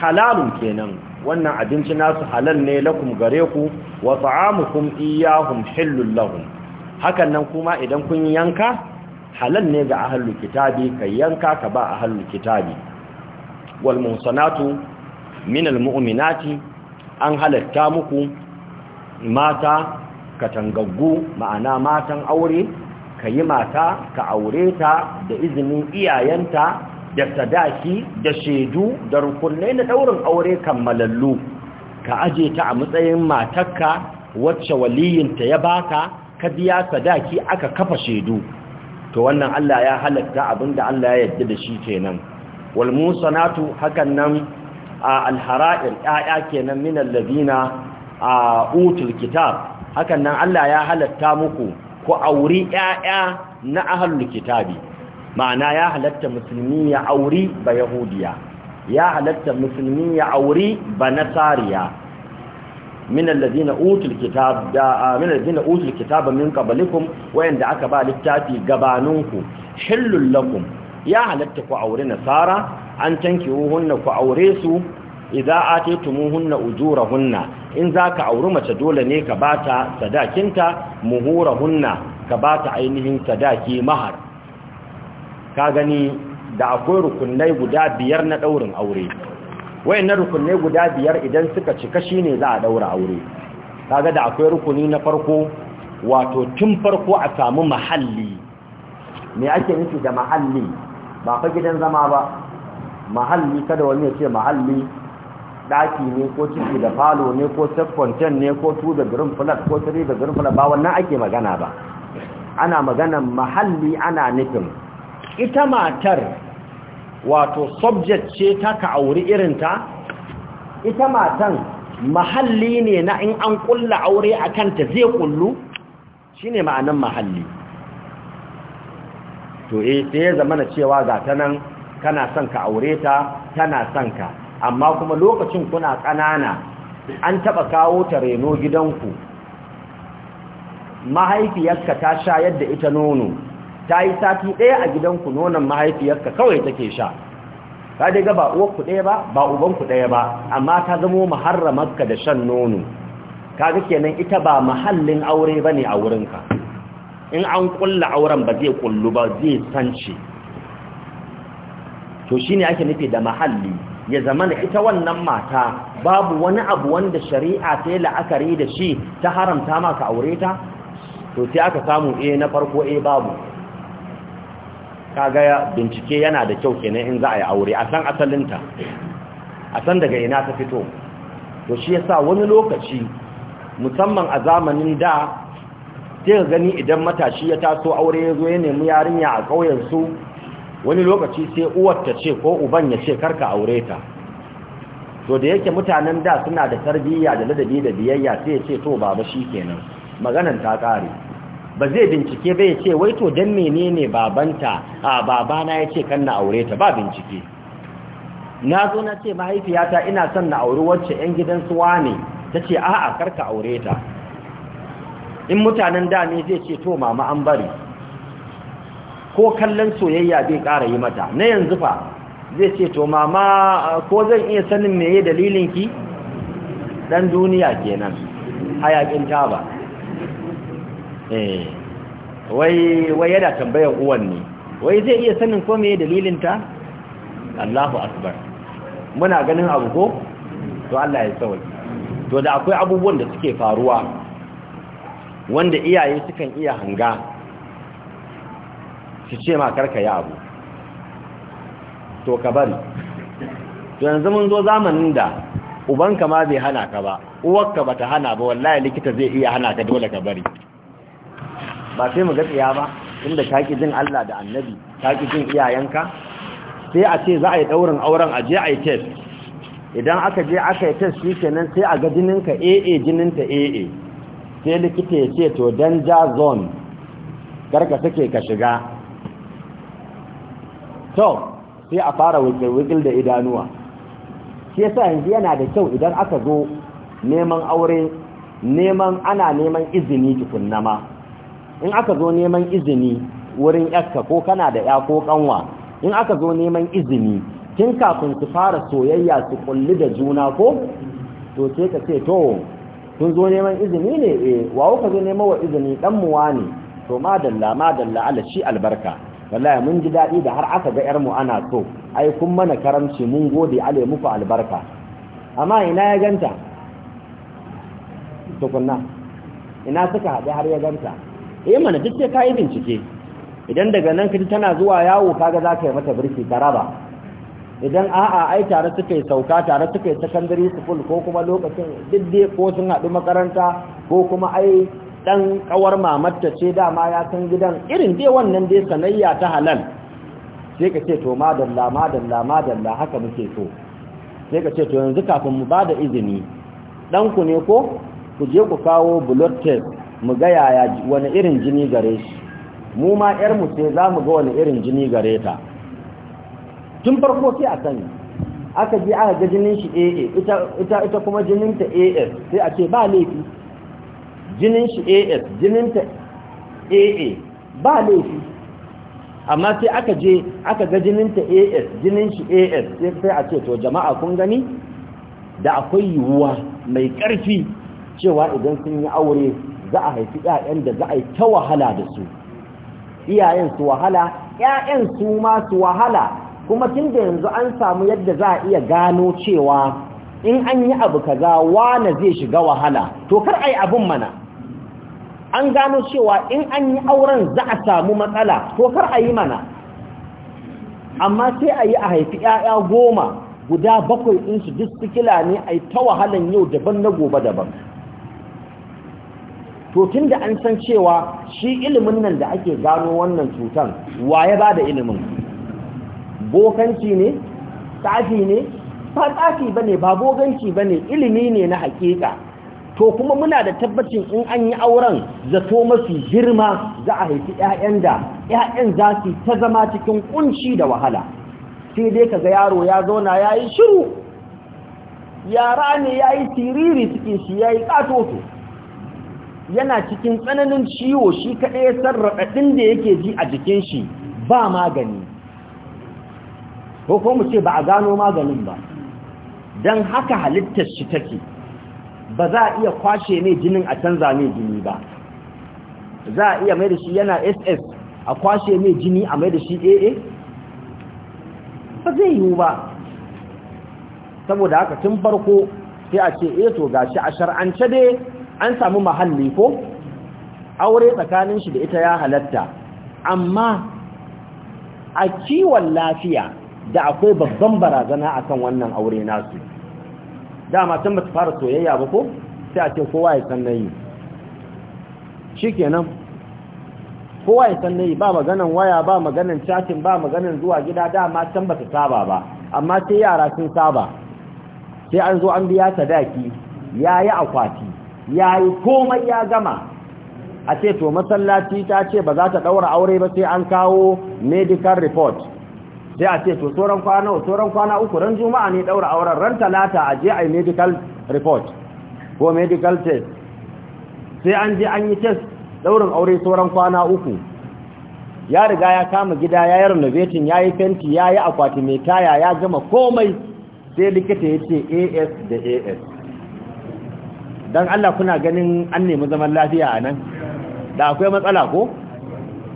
halalun kenan wannan abinci nasu halal ne lakum gare ku wa ta'amukum iyahum hillul lahum hakan nan kuma idan kun yanka halal ne ga ahlul kitabi kai yanka ka ba ahlul kitabi wal muhsanatu min al mu'minati an halatta muku mata katangaggu ma'ana matan aure ka mata ka aure ta da izinin iyayenta da sadaki da shaidu da rukunai na daurin aure kammalallu ka aje ta a matsayin matakka wacce waliyinta ya baka ka biya sadaki aka kafa shaidu to wannan Allah ya halatta abinda Allah ya yarda da shi kenan wal musanatu hakan nan alhara'ir ya'ya kenan min alladhina utul kitab hakan nan Allah ya halatta muku ku auri ya'ya na ahlul kitabi ma'ana ya halatta musulmi ya auri ba yahudiya ya halatta musulmi ya auri ba nasariya min alladhina utul kitab kitaba min wayanda aka ba littafi gabaninku hillul lakum ya halatta ku aure nasara an tankihuhunna ku aure su idza ujura ujurahunna in zaka auri mace dole ne ka bata sadakinta muhurahunna ka bata ainihin sadaki mahar ka gani da akwai rukunai guda biyar na daurin aure na rukunne guda biyar idan suka cika shine za a daura aure kaga da akwai rukuni na farko wato tun farko a samu mahalli me ake nufi da mahalli ba fa gidan zama ba mahalli kada wani ya ce mahalli daki ne ko ciki da falo ne ko self content ne ko two da green flat ko three da green flat ba wannan ake magana ba ana maganan mahalli ana nufin ita matar wato subject ce ta ka auri ta? ita matan mahalli ne na in an kulla aure a kanta zai kullu shine ma'anan mahalli to eh sai ya zama na cewa ga ta nan kana son ka aure ta tana son ka amma kuma lokacin kuna ƙanana an taɓa kawo ta reno gidanku mahaifiyarka ta sha yadda ita nono ta yi sati ɗaya a gidanku nonon mahaifiyarka kawai take sha ta dai ga ba uwarku ɗaya ba ba ubanku ɗaya ba amma ta zamo maharramarka da shan nono Ka kaga kenan ita ba mahallin aure ba ne a wurinka in an kulla auren ba zai kullu ba zai sanci to shine ake nufi da mahalli ya zama zamana ita wannan mata babu wani abu wanda shari'a ta la'akari da shi ta haramta maka aure ta to sai aka samu eh na farko e babu kaga bincike yana da kyau kenan in za a yi aure a san asalinta a san daga ina ta fito to shi yasa wani lokaci musamman a zamanin da sai gani idan matashi ya taso aure ya zo ya nemi yarinya a ƙauyen su wani lokaci sai uwar ta ce ko uban ya ce karka aure ta to da yake mutanen da suna da tarbiyya da ladabi da biyayya sai ya ce to baba shi kenan. maganan ta ƙare ba zai bincike ba ya ce wai to dan menene babanta a babana ya ce kan na aure ta ba bincike na zo na ce mahaifiyata ina son na auri wacce 'yan gidan suwa ne ta ce a'a karka aure ta in mutanen da ne zai ce to mama an bari ko kallon soyayya bai ƙara yi mata na yanzu fa zai ce to mama ko zan iya sanin meye dalilinki dan duniya kenan hayakin ba Eh. wai wai yana tambayar uwan ne wai zai iya sanin ko meye dalilin ta Allahu akbar muna ganin abu ko to Allah ya sauke to da akwai abubuwan da suke faruwa wanda iyaye sukan iya hanga su ce ma karka ya abu to ka bari to yanzu mun zo zamanin da ubanka ma bai hana ka ba uwarka bata hana ba wallahi likita zai iya hana ka dole ka bari ba sai mu ga tsaya ba inda kake jin Allah da annabi kake jin iyayenka sai a ce za a yi daurin auren a je a yi test idan aka je aka yi test shi kenan sai a ga jininka AA jininta AA sai likita ya ce to danger zone karka take ka shiga to sai a fara wikil da idanuwa Sai yanzu yana da kyau idan aka zo neman aure neman ana neman izini tukunna ma in aka zo neman izini wurin yakka ko kana da ya ko kanwa in aka zo neman izini kin kafin su fara soyayya su kulli da juna ko to sai ka ce to kun zo neman izini ne eh wawo ka zo neman wa izini dan muwa ne to madalla madalla ala shi albarka wallahi mun ji dadi da har aka ga yar mu ana so ai kun mana karamci mun gode ale muku albarka amma ina ya ganta tukunna ina suka haɗe har ya ganta eh mana duk sai ka yi bincike idan daga nan kaji tana zuwa yawo kaga za ka yi mata birki ka raba idan a'a ai tare suka yi sauka tare suka yi secondary school ko kuma lokacin didde ko sun haɗu makaranta ko kuma ai dan kawar mamatta ce dama ya san gidan irin dai wannan dai sanayya ta halal sai ka ce to madalla madalla madalla haka muke so sai ka ce to yanzu kafin mu bada izini dan ku ne ko ku je ku kawo blood test mu ga yaya wani irin jini gare shi mu ma yar mu sai za mu ga wani irin jini gare ta tun farko sai a sani aka je aka ga jinin shi AA ita ita ita kuma jinin ta AS sai a ce ba laifi jinin shi AS jinin ta AA ba laifi amma sai aka je aka ga jinin ta AS jinin shi AS sai a ce to jama'a kun gani da akwai yiwuwa mai ƙarfi cewa idan sun yi aure za a haifi ƴaƴan da za a yi ta wahala da su iyayen su wahala ƴaƴan su ma su wahala kuma tun da yanzu an samu yadda za a iya gano cewa in an yi abu kaza wane zai shiga wahala to kar ai abun mana an gano cewa in an yi auren za a samu matsala to kar a yi mana amma sai a yi a haifi 'ya'ya goma guda bakwai in su duk sikila ne a yi ta wahalan yau daban na gobe daban to tun da an san cewa shi ilimin nan da ake gano wannan wa ya ba da ilimin bokanci ne Tafi ne ba tafi ba ne ba boganci ba ne ilimi ne na hakika to kuma muna da tabbacin in an yi auren zato mafi girma za a haifi 'ya'yan da 'ya'yan za su ta zama cikin ƙunci da wahala sai dai ka ga yaro ya zauna ya yi shiru yara ne ya yi tiriri cikin shi ya yi ƙatoto yana cikin tsananin ciwo shi kaɗai ya ɗin da yake ji a jikin shi ba magani ko ko mu ce ba a gano maganin ba don haka halittar shi take ba za a iya kwashe mai jinin a canza mai jini ba za a iya mai da shi yana ss a kwashe mai jini a mai da shi aa ba zai yiwu ba saboda haka tun farko sai a ce eto eh ga shi a shar'ance dai an samu mahalli ko aure tsakanin shi da ita ya halatta amma a kiwon lafiya da akwai babban barazana akan wannan aure nasu dama tun ba ta fara soyayya ba ko sai a ce kowa ya san nayi kenan kowa ya san nayi ba maganan waya ba maganan chatin ba maganan zuwa gida dama tun ba ta saba ba amma sai yara sun saba sai an zo an biya sadaki yayi akwati ya yi komai ya gama a ce to masallaci ta ce ba za ta ɗaura aure ba sai an kawo medical report sai a ce to tsoron kwana uku ran juma'a ne ɗaura auren ran talata a je a medical report ko medical test sai an je an yi test ɗaurin aure tsoron kwana uku ya riga ya kama gida ya yi renovating ya yi fenti ya yi akwati mai taya ya gama komai sai likita ya ce as da as don Allah kuna ganin an nemi zaman lafiya a nan da akwai matsala ko?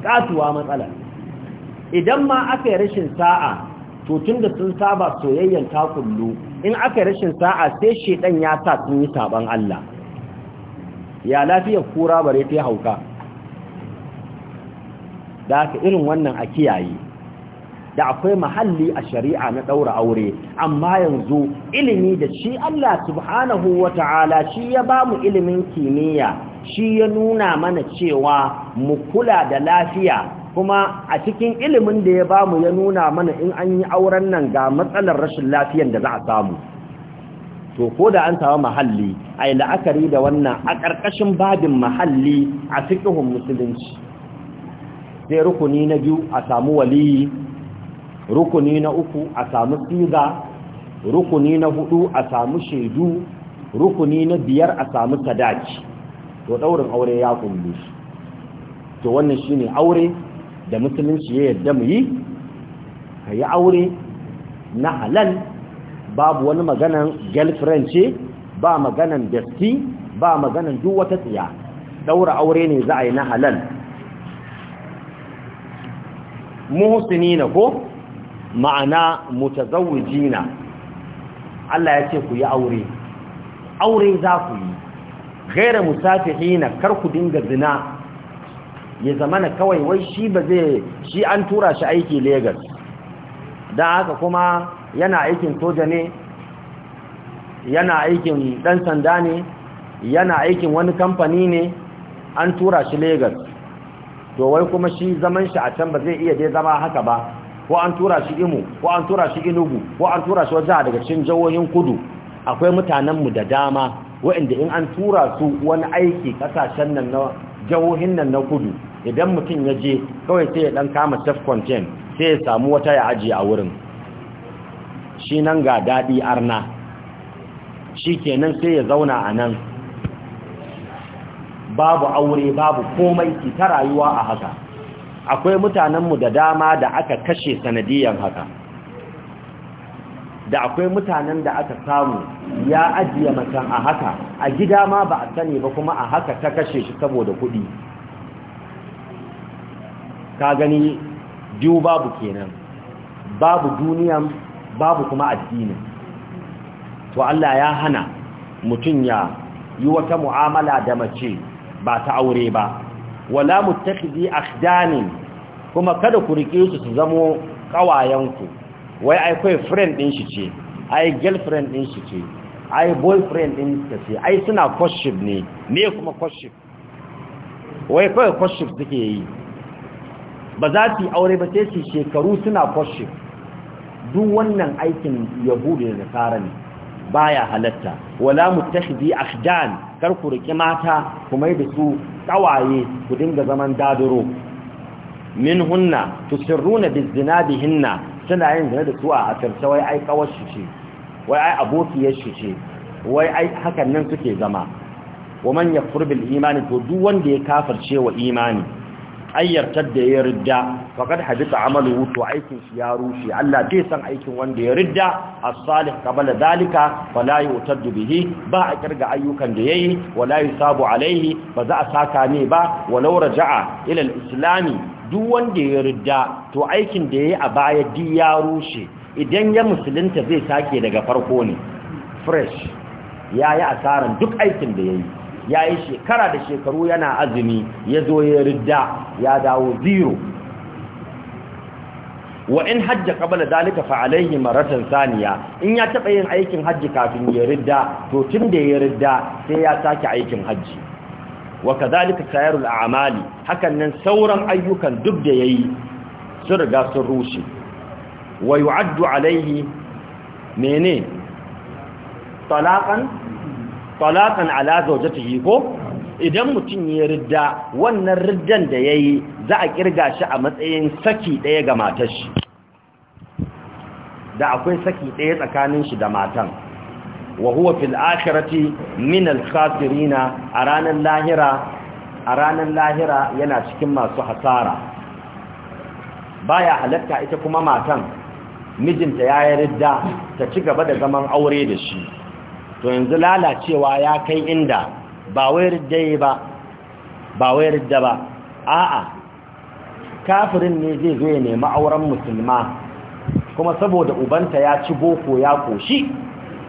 katuwa matsala idan ma aka yi rashin sa'a to tun da sun saba soyayyen ta kullu in aka yi rashin sa'a sai shedan ya sa sun yi saban Allah ya lafiya kura bare ta hauka da aka irin wannan a kiyaye da akwai mahalli a shari'a na daura aure amma yanzu ilimi da shi Allah subhanahu wata'ala shi ya bamu ilimin kimiyya shi ya nuna mana cewa mu kula da lafiya kuma a cikin ilimin da ya bamu ya nuna mana in an yi auren nan ga matsalar rashin lafiyar da za a samu to ko da an samu mahalli a yi la'akari da wannan a ƙarƙashin babin mahalli a cikin musulunci sai rukuni na biyu a samu waliyi rukuni na uku a samu siga rukuni na hudu a samu shaidu rukuni na biyar a samu sadaci to daurin aure ya kullu shi to wannan shine aure da musulunci ya yadda mu yi kayi aure na halal babu wani maganan girlfriend ce ba maganan bestie ba maganan duk wata tsiya daura aure ne za a yi na halal muhsini na ko ma'ana mutazawijina Allah ya ce ku yi aure aure za ku yi gaira musafihina kar ku dinga zina ya zamana kawai wai shi ba zai shi an tura shi aiki Lagos dan haka kuma yana aikin soja ne yana aikin dan sanda ne yana aikin wani kamfani ne an tura shi Lagos to wai kuma shi zaman shi a can ba zai iya dai zama haka ba ko an tura shi Imo ko an tura shi Inugu ko an tura shi wajen daga cikin jihohin kudu akwai mutanenmu da dama waɗanda in an tura su wani aiki ƙasashen nan na jihohin nan na kudu idan mutum ya je kawai sai ya ɗan kama self content sai ya samu wata ya aji a wurin shi nan ga daɗi arna shi kenan sai ya zauna a nan babu aure babu komai ki ta rayuwa a haka akwai mutanenmu da dama da aka kashe sanadiyan haka da akwai mutanen da aka samu ya ajiye macen a haka a gida ma ba a sani ba kuma a haka ta kashe shi saboda kuɗi ka gani biyu babu kenan babu duniyan babu kuma addini to Allah ya hana mutum ya yi wata mu'amala da mace ba ta aure ba wala muttakhidi akhdanin kuma kada ku rike su su zamo kawayanku wai ai kai friend din shi ce ai girlfriend din shi ce ai boyfriend din shi ce ai suna courtship ne me kuma courtship wai kai courtship suke yi ba za su aure ba sai su shekaru suna courtship duk wannan aikin yahudu da nasara ne baya halatta wala muttakhidi akhdan kar ku rike mata kuma yi da su kawaye ku dinga zaman daduro min hunna na bizina bihinna suna yin zina da su a asirce wai ai kawar shi ce wai ai abokiyar shi ce wai ai hakan nan suke zama wa manyan yakfur imani to duk wanda ya kafirce wa imani ayyartar da ya ridda faqad hadita amalu to aikin shi ya rushe Allah zai san aikin wanda ya ridda as-salih qabala dalika wala yutaddu bihi ba a kirga ayyukan da yayi wala yusabu alaihi ba za a saka ne ba walau raja'a ila al-islami duk wanda ya ridda to aikin da yayi a baya di ya rushe idan ya musulunta zai sake daga farko ne fresh yayi asaran duk aikin da yayi ya yi shekara da shekaru yana azumi ya zo ya ridda ya dawo zero wa in hajja qabla zalika fa alayhi maratan saniya in ya taɓa yin aikin hajji kafin ya ridda to tunda ya ridda sai ya sake aikin hajji wa kadhalika sayarul a'mali hakan nan sauran ayyukan duk da yayi sun riga sun rushe wa yu'addu alayhi mene talaqan talaqan ala zawjatihi ko idan mutum ya ridda wannan riddan da yayi za a kirga shi a matsayin saki daya ga matar shi da akwai saki daya tsakanin shi da matan wa huwa fil akhirati min al khasirina a ranar lahira a ranar lahira yana cikin masu hasara baya halatta ita kuma matan mijinta ya yi ridda ta ci gaba da zaman aure da shi to yanzu lalacewa ya kai inda ba wai ridda ba ba wai ridda ba a'a kafirin ne zai zo ya nemi auren musulma kuma saboda ubanta ya ci boko ya koshi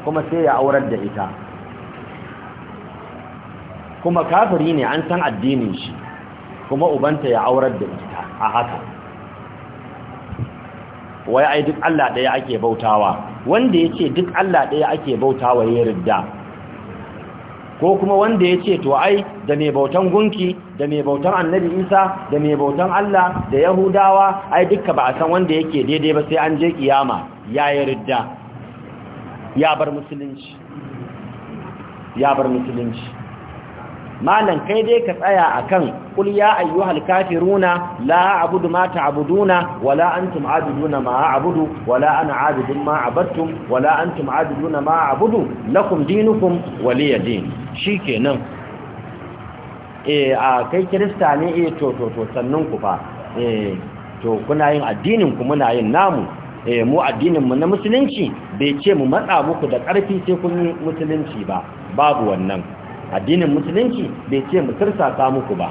kuma sai ya aurar da ita kuma kafiri ne an san addinin shi kuma ubanta ya aurar da ita a haka wai ai duk Allah ɗaya ake bautawa wanda ya ce duk Allah ɗaya ake bauta wa ya rida ko kuma wanda ya ce to ai da mai bautan gunki da mai bautan annabi isa da mai bautan Allah da yahudawa ai dukka ba a san wanda yake daidai ba sai an je kiyama ya yi rida bar musulunci ya bar musulunci malan kai dai ka tsaya akan kul ya ayyuhal kafiruna la a'budu ma ta'buduna wala antum a'buduna ma a'budu wala ana a'budun ma abattum wala antum a'buduna ma a'budu lakum dinukum waliya din shikenan eh a kai krista ne eh to to to sannan ku fa eh to kuna yin addinin ku muna yin namu eh mu addinin mu na musulunci bai ce mu matsa muku da ƙarfi sai kun yi musulunci ba babu wannan addinin musulunci bai ce mu tirsasa muku ba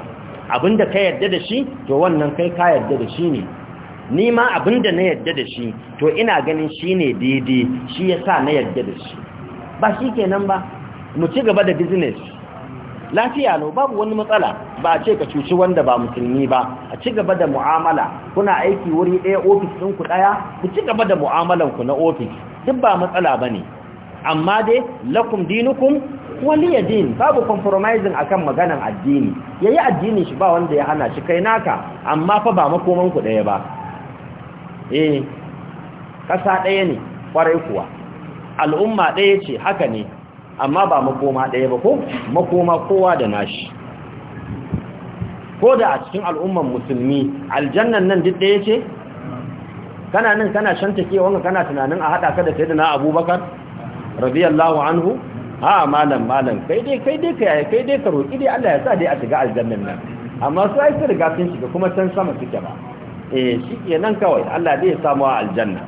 da ka yarda da shi to wannan kai ka yarda da shi ne ni ma da na yarda da shi to ina ganin shi ne daidai shi ya sa na yarda da shi ba shi kenan ba mu ci gaba da business lafiya no babu wani matsala ba a ce ka cuci wanda ba musulmi ba a ci gaba da mu'amala kuna aiki wuri ɗaya ofis ɗinku ɗaya ku ci gaba da mu'amalanku na ofis duk ba matsala ba ne amma dai lakum dinukum waliya din babu compromising akan maganan addini yayi addinin shi ba wanda ya hana shi kai naka amma fa ba makoman ku daya ba eh kasa daya ne kwarai kuwa al'umma daya ce haka ne amma ba makoma daya ba ko makoma kowa da nashi ko da a cikin al'umman musulmi aljannan nan duk daya ce kana nan kana shantake wanda kana tunanin a hada ka da sayyidina abubakar radiyallahu anhu a malam malam kai dai kai dai kai kai dai ka roki dai Allah ya sa dai a shiga aljannan nan amma su ai su riga sun shiga kuma can sama suke ba eh shi kenan kawai Allah dai ya samu aljanna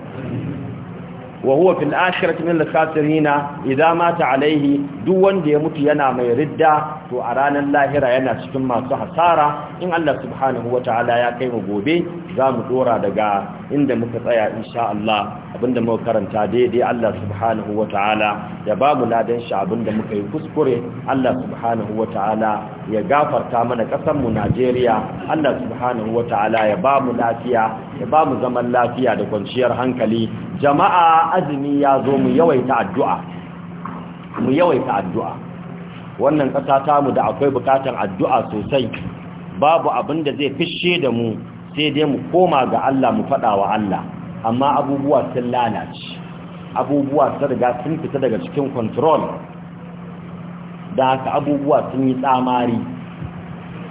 wa huwa fil akhirati min al-khasirina mata alaihi duk wanda ya mutu yana mai ridda to a ranar lahira yana cikin masu hasara in Allah subhanahu wataala ya kai mu gobe za mu dora daga inda muka tsaya insha Allah abinda muka karanta daidai Allah subhanahu wataala ya ba mu ladan shi abinda muka yi kuskure Allah subhanahu wataala ya gafarta mana kasar mu Najeriya Allah subhanahu wataala ya ba mu lafiya ya ba mu zaman lafiya da kwanciyar hankali jama'a azumi ya zo mu yawaita addu'a mu yawaita addu'a wannan ƙasa ta mu da akwai bukatar addu'a sosai babu abin da zai fishe da mu sai dai mu koma ga Allah mu faɗa wa Allah amma abubuwa sun lalace abubuwa sun riga sun fita daga cikin control da haka abubuwa sun yi tsamari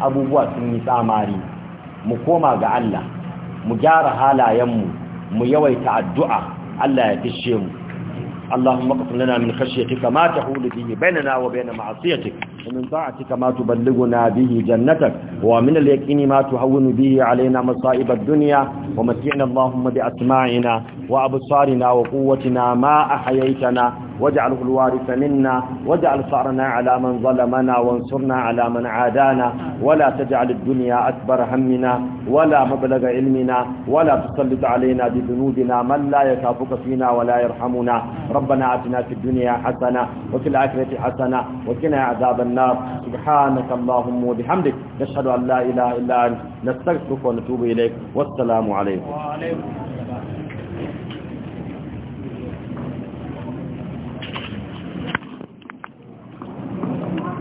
abubuwa sun yi tsamari mu koma ga Allah mu gyara halayenmu mu yawaita addu'a الله ya اللهم اقسم لنا من خشيتك ما تحول به بيننا وبين معصيتك ومن طاعتك ما تبلغنا به جنتك ومن اليقين ما تهون به علينا مصائب الدنيا ومتعنا اللهم بأسماعنا وأبصارنا وقوتنا ما أحييتنا واجعله الوارث منا واجعل ثأرنا على من ظلمنا وانصرنا على من عادانا ولا تجعل الدنيا أكبر همنا ولا مبلغ علمنا ولا تسلط علينا بذنوبنا من لا يخافك فينا ولا يرحمنا ربنا آتنا في الدنيا حسنة وفي الآخرة حسنة وقنا عذاب النار النار سبحانك اللهم وبحمدك نشهد أن لا إله إلا أنت نستغفرك ونتوب إليك والسلام عليكم وعليكم